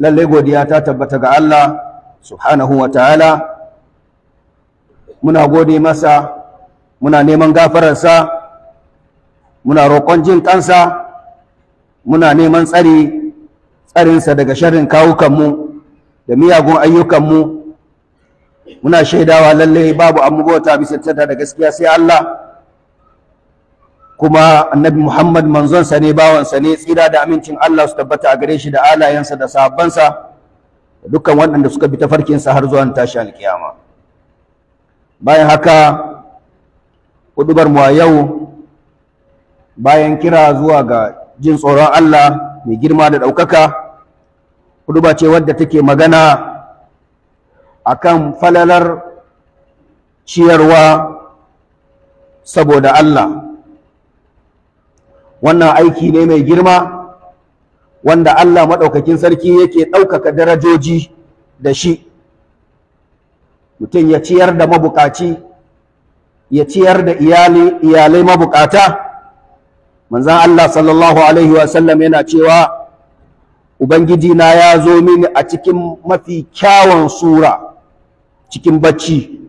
lallai godiya ta tabbata ga Allah subhanahu wa ta'ala muna gode masa muna neman gafararsa muna roƙon jin kansa muna neman tsari tsarinsa daga sharrin kawukanmu da miyagun ayyukanmu muna shaidawa lallai babu abubuwa ta bisa da gaskiya sai Allah kuma annabi Muhammad manzonsa ne bawansa ne tsira da amincin Allah su tabbata a gare shi da alayensa da sahabbansa da dukkan waɗanda suka bi tafarkinsa har zuwa tashi alkiyama bayan haka hudubar mu a yau bayan kira zuwa ga jin tsoron Allah mai girma da ɗaukaka huduba ce wadda take magana akan falalar ciyarwa saboda Allah wannan aiki ne mai girma wanda Allah maɗaukakin sarki yake ɗaukaka darajoji da shi mutum ya ciyar da mabukaci ya ciyar da iyalai mabukata manzan Allah sallallahu Alaihi wasallam yana cewa Ubangiji na ya zo mini a cikin mafi kyawun sura cikin bacci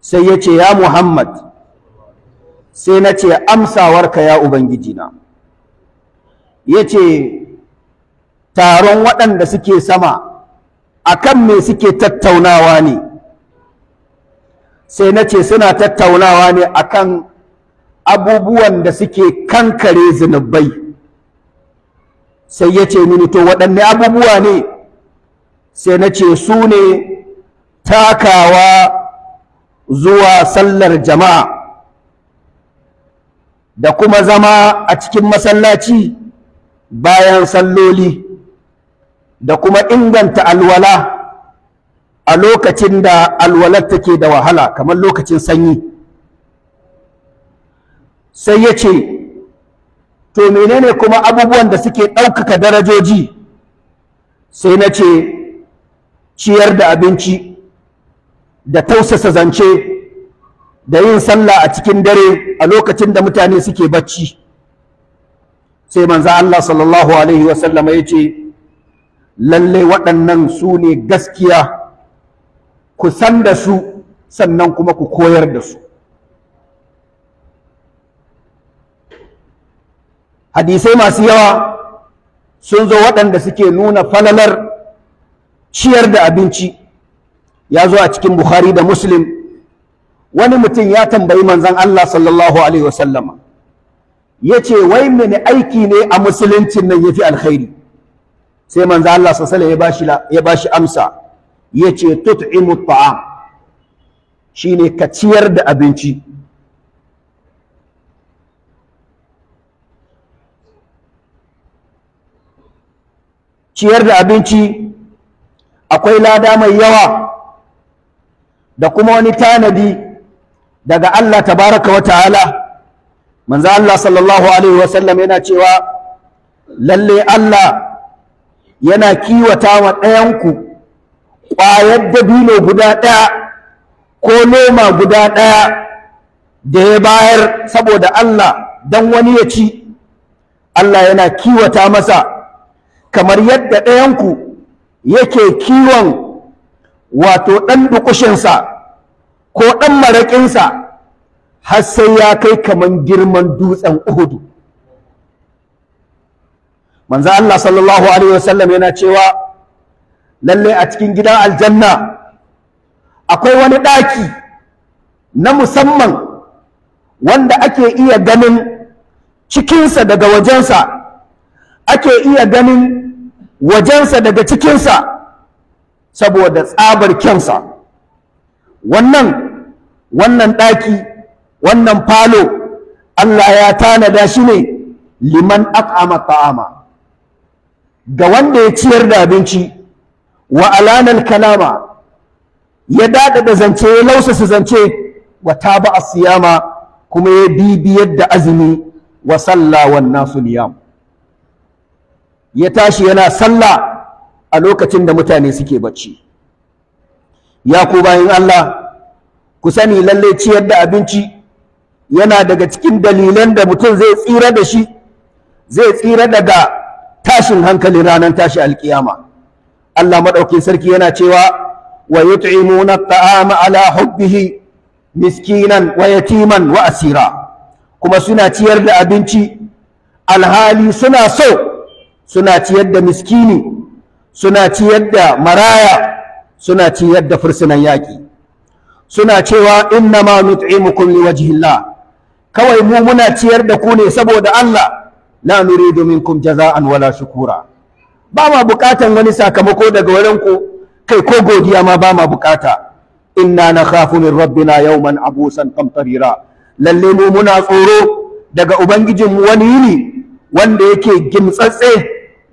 sai ya ce ya Muhammad sai na ce amsawarka ya ubangijina ya ce taron waɗanda suke sama akan me suke tattaunawa ne sai na ce suna tattaunawa ne akan abubuwan da suke kankare zunubai sai ya ce mini to waɗanne abubuwa ne sai na ce su ne takawa zuwa sallar jama'a da kuma zama a cikin masallaci bayan salloli da kuma inganta alwala a lokacin da alwalar take da wahala kamar lokacin sanyi sai ya ce to menene kuma abubuwan da suke ɗaukaka darajoji sai na ce ciyar da abinci da tausasa zance da yin sallah a cikin dare a lokacin da mutane suke bacci sai manzo Allah sallallahu alaihi wasallama ya ce lalle waɗannan su ne gaskiya ku san da su sannan kuma ku koyar da su hadisai masu yawa sun zo waɗanda suke nuna falalar ciyar da abinci ya zo a cikin bukhari da muslim wani mutum ya tambayi manzan Allah sallallahu alaihi wasallama yace wai mini aiki ne a musuluncin nan yafi alkhairi sai manza Allah sallallahu alaihi ya bashi amsa yace tut'imu ta'am shine ka ciyar da abinci ciyar da abinci akwai lada mai yawa da kuma wani tanadi daga Allah tabaraka wa ta'ala manzo Allah sallallahu alaihi wasallam yana cewa lalle Allah yana kiwata wa ɗayanku ƙwayar dabino guda ɗaya ko noma guda ɗaya da ya bayar saboda Allah don wani ya ci Allah yana kiwata masa kamar yadda ɗayanku yake kiwon wato ɗan dukushinsa ko ɗan maraƙinsa har sai ya kai kaman girman dutsen uhudu manzo Allah sallallahu alaihi wasallam yana cewa lalle a cikin gidan aljanna akwai wani ɗaki na musamman wanda ake iya ganin cikinsa daga wajensa ake iya ganin wajensa daga cikinsa saboda tsabar kyansa wannan wannan ɗaki wannan falo Allah ya tanada shi ne liman aqama ta'ama ga wanda ya ciyar da abinci wa alanan kalama ya dada da zance ya lausa su zance wa taba asiyama kuma ya bibiyar da azumi wa salla wan nasu niyam ya tashi yana sallah a lokacin da mutane suke bacci ya ku bayan Allah ku sani lallai ciyar da abinci yana daga cikin dalilan da mutum zai tsira da shi zai tsira daga tashin hankali ranar tashi alkiyama Allah maɗaukin sarki yana cewa wa yut'imuna at'ama ala hubbihi miskinan wa yatiman wa asira kuma suna ciyar da abinci alhali suna so suna ciyar da miskini suna ciyar da maraya suna ciyar da fursunan yaƙi suna cewa inna ma nut'imukum liwajhillah kawai mu muna ciyar da ku ne saboda Allah la nuridu minkum jaza'an wala shukura ba ma bukatan wani sakamako daga wurin ku kai ko godiya ma ba ma bukata inna nakhafu min rabbina yawman abusan qamtarira lalle mu muna tsoro daga ubangijinmu wani yini wanda yake gimtsatse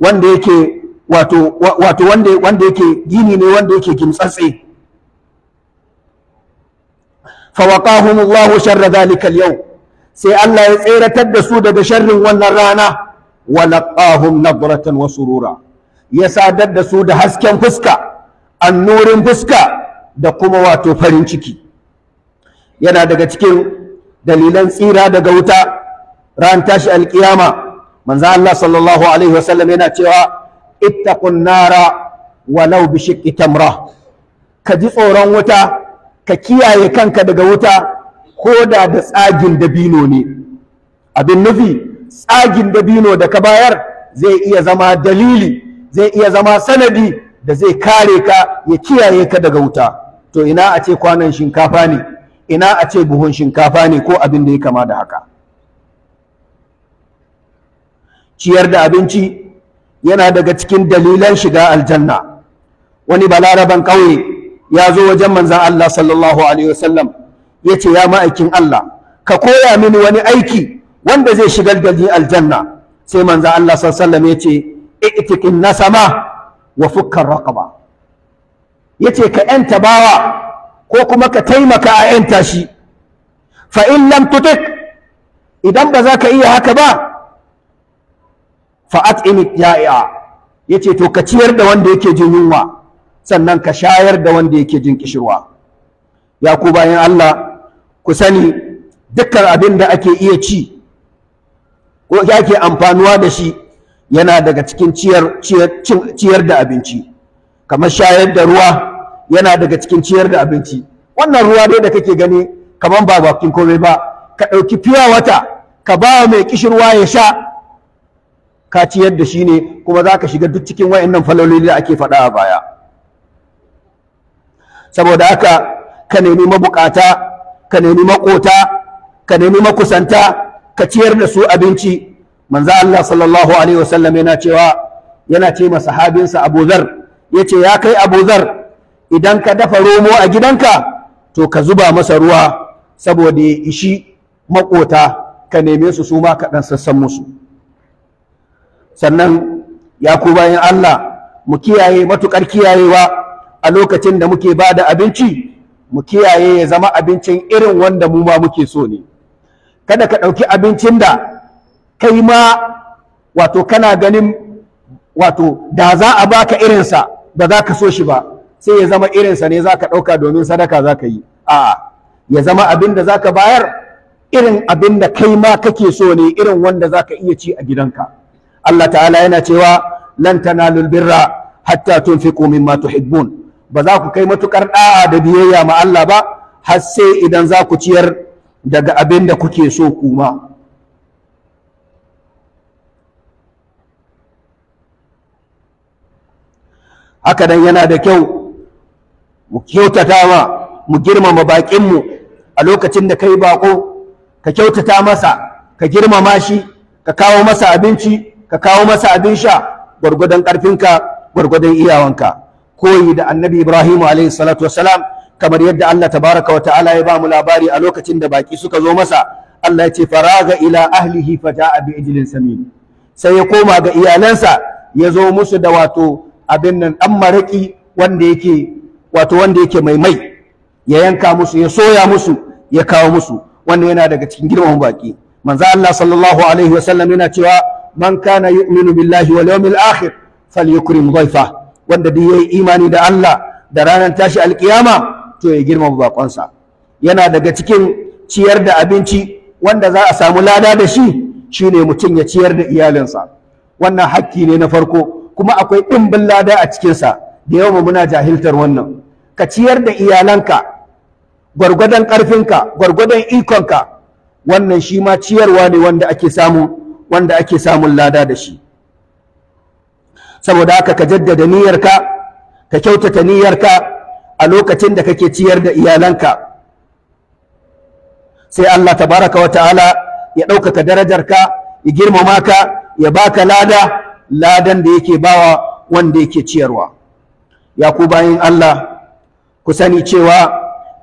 wanda yake wato wato wanda wanda yake gini ne wanda yake gimtsatse fawaqahum Allah sharra dhalika al-yawm sai Allah ya tseratar da su daga sharrin wannan rana wa laqahum nadratan wa surura ya sadar da su da hasken fuska annurin fuska da kuma wato farin ciki yana daga cikin dalilan tsira daga wuta ran tashi alkiyama manzo Allah sallallahu alaihi wasallam yana cewa ittaqun nara walau bi shiqqi tamra ka ji tsoron wuta ka kiyaye kanka daga wuta ko da da tsagin dabino ne abin nufi tsagin dabino da ka bayar zai iya zama dalili zai iya zama sanadi da zai kare ka ya kiyaye ka daga wuta to ina a ce kwanan shinkafa ne ina a ce buhun shinkafa ne ko abin da ya kama da haka ciyar da abinci yana daga cikin dalilan shiga aljanna wani balaraban ƙauye ya zo wajen manzan Allah sallallahu alaihi wasallam ya ce ya ma'aikin Allah ka koya mini wani aiki wanda zai shigar da ni aljanna sai manzan Allah sallallahu alaihi ya ce itikin sama wa fukkar raqaba yace ka yanta bawa ko kuma ka taimaka a yanta shi fa in lam tutik idan ba za ka iya haka ba fa at'im ja'i'a yace to ka ciyar da wanda yake jin yunwa sannan ka shayar da wanda yake jin kishirwa ya ku bayan Allah ku sani dukkan abin da ake iya ci ko ake amfanuwa da shi yana daga cikin ciyar da abinci kamar shayar da ruwa yana daga cikin ciyar da abinci wannan ruwa dai da kake gani kamar ba bakin komai ba ka ɗauki fiya wata ka ba mai kishirwa ya sha ka ciyar da shi ne kuma za ka shiga duk cikin wa'annan falaloli da ake faɗa a baya saboda haka ka nemi mabukata ka nemi makota ka nemi makusanta ka ciyar da su abinci manzo Allah sallallahu alaihi wasallam yana cewa yana ce ma sahabinsa Abu Zar yace ya kai Abu Zar idan ka dafa romo a gidanka to ka zuba masa ruwa saboda ya ishi makota ka neme su su ma ka dan sassan musu sannan ya ku bayan Allah mu kiyaye matukar kiyayewa a lokacin da muke ba da abinci mu kiyaye ya zama abincin irin wanda mu ma muke so ne kada ka ɗauki abincin da kai ma wato kana ganin wato da za a baka irinsa ba za ka so shi ba sai ya zama irinsa ne za ka ɗauka domin sadaka za ka yi a'a ya zama abin da za ka bayar irin abin da kai ma kake so ne irin wanda za ka iya ci a gidanka Allah ta'ala yana cewa lan tanalul birra hatta tunfiqu mimma tuhibbun ba za ku kai matukar da'a da biyayya ma Allah ba har sai idan za ku ciyar daga abin da kuke so kuma haka dan yana da kyau mu kyautata ma mu girmama baƙinmu a lokacin da kai baƙo ka kyautata masa ka girmama shi ka kawo masa abinci ka kawo masa abin sha gwargwadon ƙarfinka gwargwadon iyawanka koyi da annabi Ibrahim alayhi salatu wassalam kamar yadda Allah tabaraka wa ta'ala ya ba mu labari a lokacin da baki suka zo masa Allah ya ce faraga ila ahlihi fata'a bi ijlin samin sai ya koma ga iyalansa ya zo musu da wato abin nan dan maraki wanda yake wato wanda yake mai mai ya yanka musu ya soya musu ya kawo musu wannan yana daga cikin girman baki manzo Allah sallallahu alaihi wasallam yana cewa man kana yu'minu billahi wal yawmil akhir falyukrim dhayfahu wanda ya yi imani da Allah da ranar tashi alkiyama to ya girmama baƙonsa. yana daga cikin ciyar da abinci wanda za a samu lada da shi shine mutum ya ciyar da iyalinsa wannan hakki ne na farko kuma akwai ɗimbin lada a cikinsa da yawa muna jahiltar wannan ka ciyar da iyalanka gwargwadon ƙarfinka gwargwadon ikonka wannan shi ma ciyarwa ne wanda ake samu wanda ake samun lada da shi saboda haka ka jaddada niyyarka ka kyautata niyyarka a lokacin da kake ciyar da iyalanka sai Allah tabaraka wa ta'ala ya ɗaukaka darajarka ya girmama ka ya baka lada ladan da yake bawa wanda yake ciyarwa ya ku bayin Allah ku sani cewa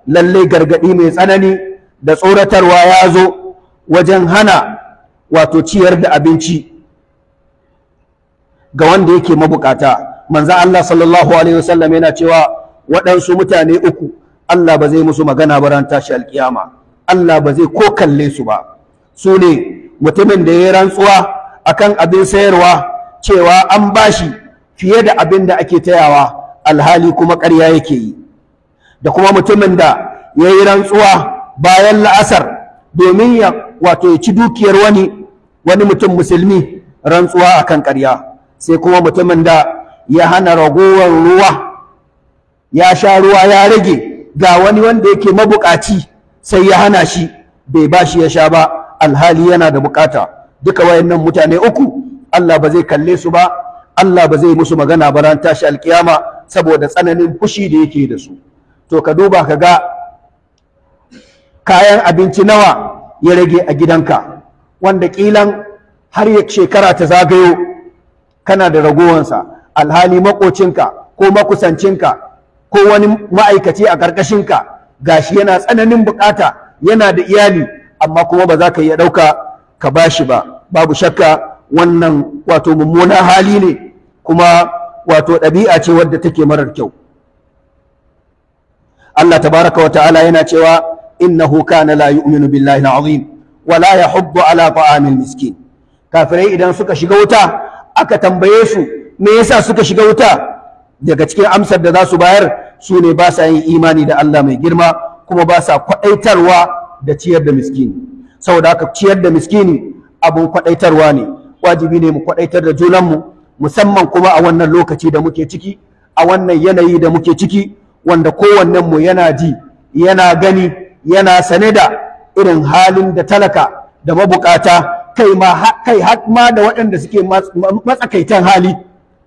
lallai gargaɗi mai tsanani da tsoratarwa ya zo wajen hana wato ciyar da abinci ga wanda yake mabukata manzo Allah sallallahu alaihi wasallam yana cewa waɗansu mutane uku Allah ba zai musu magana ba ran tashi alkiyama Allah ba zai ko kalle su ba su ne mutumin da ya rantsuwa akan abin sayarwa cewa an bashi fiye da abin da ake tayawa alhali kuma ƙarya yake yi da kuma mutumin da ya yi rantsuwa bayan la'asar domin ya wato ya ci dukiyar wani wani mutum musulmi rantsuwa akan ƙarya sai kuma mutumin da ya hana ragowar ruwa ya sha ruwa ya rage ga wani wanda yake mabukaci sai ya hana shi bai ba shi ya sha ba alhali yana da bukata duka wayannan mutane uku Allah ba zai kalle su ba Allah ba zai musu magana ba ran tashi alkiyama saboda tsananin fushi da yake da su to ka duba ka ga kayan abinci nawa ya rage a gidanka wanda kilan har ya shekara ta zagayo kana da ragowansa alhali makocinka ko makusancinka ko wani ma'aikaci a ƙarƙashinka gashi yana tsananin bukata yana da iyali amma kuma ba za ka iya ɗauka ka bashi ba babu shakka wannan wato mummuna hali ne kuma wato ɗabi'a ce wadda take marar kyau Allah tabaraka wa ta'ala yana cewa innahu kana la yu'minu billahi al-azim wa la yahuddu ala ta'amil miskin kafirai idan suka shiga wuta aka tambaye su me yasa suka shiga wuta daga cikin amsar da za su bayar su ne ba sa yin imani da Allah mai girma kuma ba sa kwaɗaitarwa da ciyar da miskini saboda haka ciyar da miskini abun kwaɗaitarwa ne wajibi ne mu kwaɗaitar da junanmu musamman kuma a wannan lokaci da muke ciki a wannan yanayi da muke ciki wanda kowannenmu yana ji yana gani yana sane da irin halin da talaka da mabukata kai ma kai har ma da waɗanda suke matsakaitan hali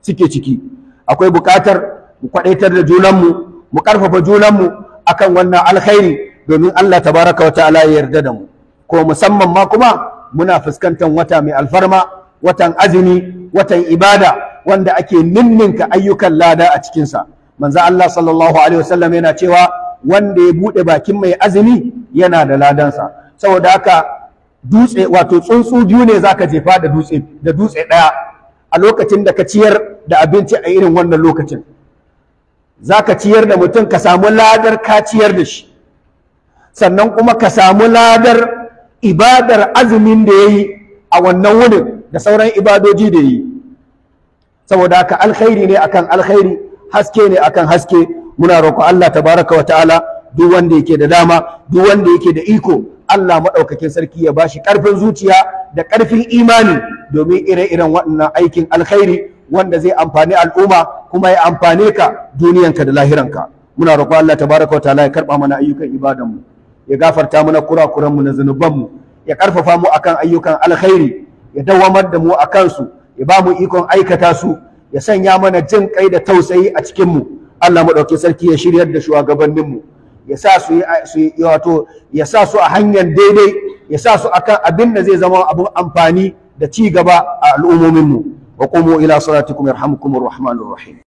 suke ciki akwai buƙatar mu kwadaitar da junanmu mu ƙarfafa junanmu akan wannan alkhairi domin Allah tabaraka wa ta'ala ya yarda da mu ko musamman ma kuma muna fuskantar wata mai alfarma watan azumi watan ibada wanda ake ninninka ayyukan lada a cikinsa manzo Allah sallallahu alaihi wasallam yana cewa wanda ya bude bakin mai azumi yana da ladansa saboda haka dutse wato tsuntsu biyu ne za ka jefa da dutse da dutse ɗaya a lokacin da ka ciyar da abinci a irin wannan lokacin zaka ciyar da mutum ka samu ladar ka ciyar da shi sannan kuma ka samu ladar ibadar azumin da ya yi a wannan wunin da sauran ibadoji da ya yi saboda haka alkhairi ne akan alkhairi haske ne akan haske muna roƙo Allah tabaraka wa ta'ala duk wanda yake da dama duk wanda yake da iko Allah maɗaukakin sarki ya bashi ƙarfin zuciya da ƙarfin imani domin ire-iren waɗannan aikin alkhairi wanda zai amfani al'umma kuma ya amfane ka duniyanka da lahiranka muna roƙon Allah tabaraka wa ta'ala ya karɓa mana ayyukan mu ya gafarta mana kurakuran mu na mu ya ƙarfafa mu akan ayyukan alkhairi ya dawamar da mu a kansu ya ba mu ikon aikata su ya sanya mana jin kai da tausayi a cikin mu Allah maɗaukin sarki ya shiryar da shugabanninmu ya sa su wato ya sa su a hanyar daidai ya sa su akan abin da zai zama abin amfani da ci gaba a al'ummominmu wa qumu ila salatikum yarhamukumur rahmanur rahim